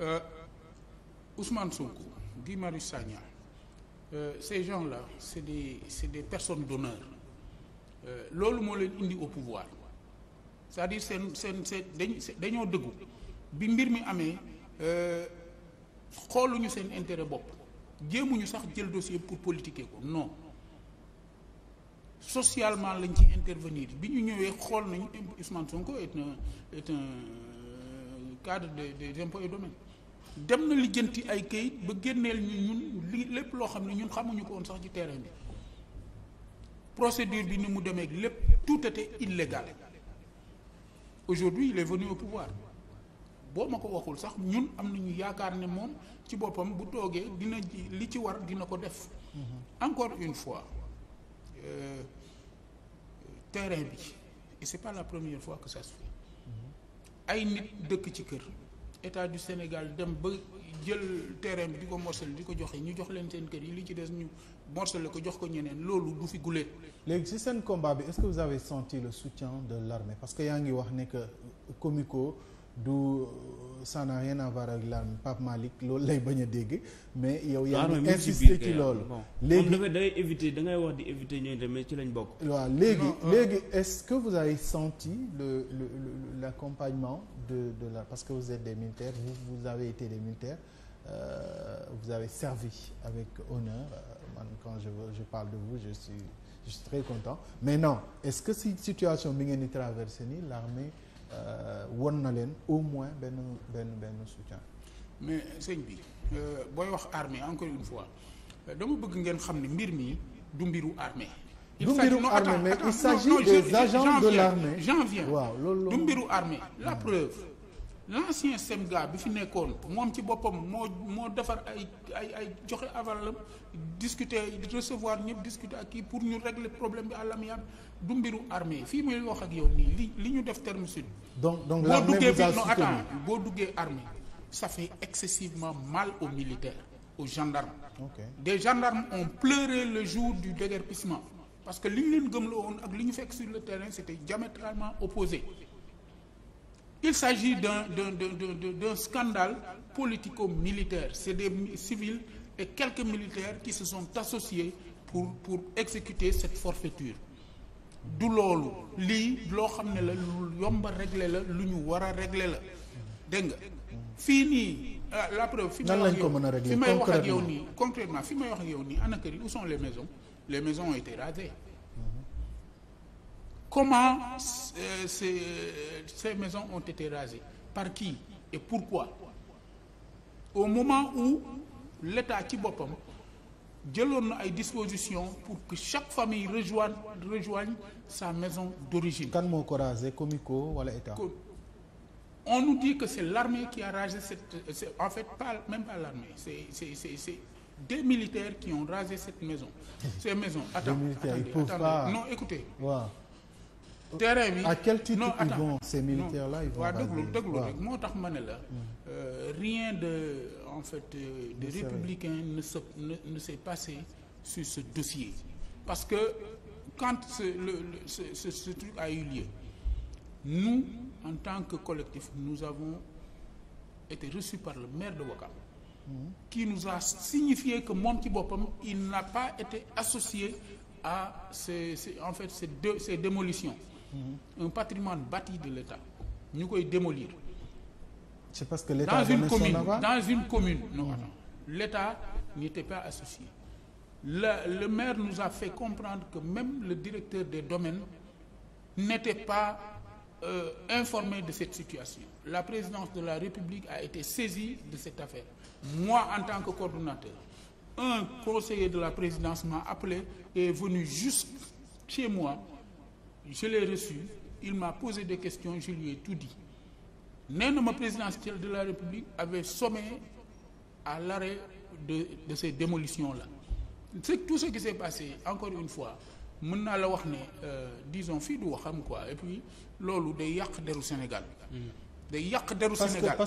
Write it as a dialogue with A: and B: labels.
A: Euh, Ousmane Sonko Guy Marius Sagna euh, ces gens la c'est des c'est des personnes d'honneur euh, loolu moo leen indi au pouvoir c'est-à-dire seen seen seen dañoo dëggu bi mbir mi amee xooluñu seen intérêt bopp jéemuñu sax jël dossier pour politiquer ko no socialement lañ ci intervenir bi ñu ñëwee xool nañu Ousmane Sonko est un est un cadre des des impôts et domaines dem na lijjanti ay kayit ba génneel ñu ñun li lépp loo xam ne ñun xamuñu ko sax ci terrain bi procédure bi ni mu demee lépp tout était illégal aujourd'hui il est venu au pouvoir boo ma ko waxul sax ñun am ñu yaakaar ne moom ci boppam bu toogee dina li ci war dina ko def mm-hmm. encore une fois euh, terrain bi et c'est pas la première fois que ça se fait mm-hmm. ay nit dëkk ci kër état du Sénégal dem ba jël terrain di ko morcelé di ko joxe ñu jox leen seen kër yi li ci des ñu morcelé ko jox ko ñeneen loolu du fi gulee
B: léegi ci seen combat bi est-ce que vous avez senti le soutien de l'armée parce que yaa ngi wax ne que Comico du euh, ça n'a rien à voir ak l'armée Pape Malick loolu lay bañ a dégg mais yow yaa ah ngi insister ci loolu léegi
A: moom dangay éviter dangay wax di éviter ñooy demee ci lañ bokk waaw léegi euh, léegi
B: est-ce que vous avez senti le le l'accompagnement de de la parce que vous êtes des militaires vous vous avez été des militaires euh, vous avez servi avec honneur euh, man quand je je parle de vous je suis je suis très mais non est-ce que si situation bi ngeen di traversé nii l'armée Euh, won na leen au moins benn benn
A: benn soutien. mais sëñ bi euh, booy wax armée encore une fois euh, dama bëgg ngeen xam ne mbir mi du mbiru armée. du mbiru armée mais il s'agit des agents de l'armée. j'en waaw loolu du mbiru armée la hmm. preuve. l'ancien SEMGA bi fi nekkoon moom ci boppam moo moo defar ay ay ay joxe avalam discuter recevoir ñëpp discuter ak kii pour ñu régler problème bi à l'amiable du mbiru armée fii may wax ak yow nii li li ñu def terme sud.
B: donc donc boo duggee bi non
A: boo duggee armée sa fait excessivement mal aux militaires aux gendarmes. Okay. des gendarmes ont pleuré le jour du déguerpissement parce que li ñu leen gëm la woon ak li ñu fekk sur le terrain c'était diamétralement opposé il s'agit d'un d'un d'un d'un scandale politico-militaire c'est des civils et quelques militaires qui se sont associés pour pour exécuter cette forfaiture du loolu li loo xam ne la lu yomb a régler la lu ñu war a régler la dégg nga fii nii ah, la preuve fi may wax ak yow nii concrètement fi may wax ak yow nii ana kër sont les maisons les maisons ont été rasées comment euh, ces, euh, ces maisons ont été rasées par qui et pourquoi au moment où l'État ci boppam jëloon na ay dispositions pour que chaque famille rejoigne sa maison
B: d'origine kan moo ko rasé Comico wala
A: on nous dit que c'est l'armée qui a rasé cette c'est, en fait pas même pas l'armée c'est des militaires qui ont rasé cette maison ces maisons attends, non écoutez terrain bi à quel titre non, ils attends, vont ces militaires là ils vont. waaw déglu moo tax ma ne la. Euh, rien de en fait euh, de républicain ne se ne ne s'est passé sur ce dossier. parce que quand ce le, le ce, ce truc a eu lieu nous en tant que collectif nous avons été reçus par le maire de Ouakam.
B: Mm-hmm.
A: qui nous a signifié que moom ci boppam il n'a pas été associé à ces, ces en fait ces deux ces démolitions. un patrimoine bâti de l'État ñu koy démolir.
B: c'est parce que l'État dans une
A: une commune non attends l'État n'était pas associé le le maire nous a fait comprendre que même le directeur des domaines n'était pas euh, informé de cette situation la présidence de la République a été saisie de cette affaire moi en tant que coordonnateur un conseiller de la présidence m'a appelé et est venu jusque chez moi je l'ai reçu il m'a posé des questions je lui ai tout dit nee na ma présidentielle de la République avait sommé à l'arrêt de de ces démolitions là c'est tout ce qui s'est passé encore une fois mën naa la wax ne euh, disons fii du waxam quoi et puis loolu day yàq deru Sénégal mm. day yàq deru Sénégal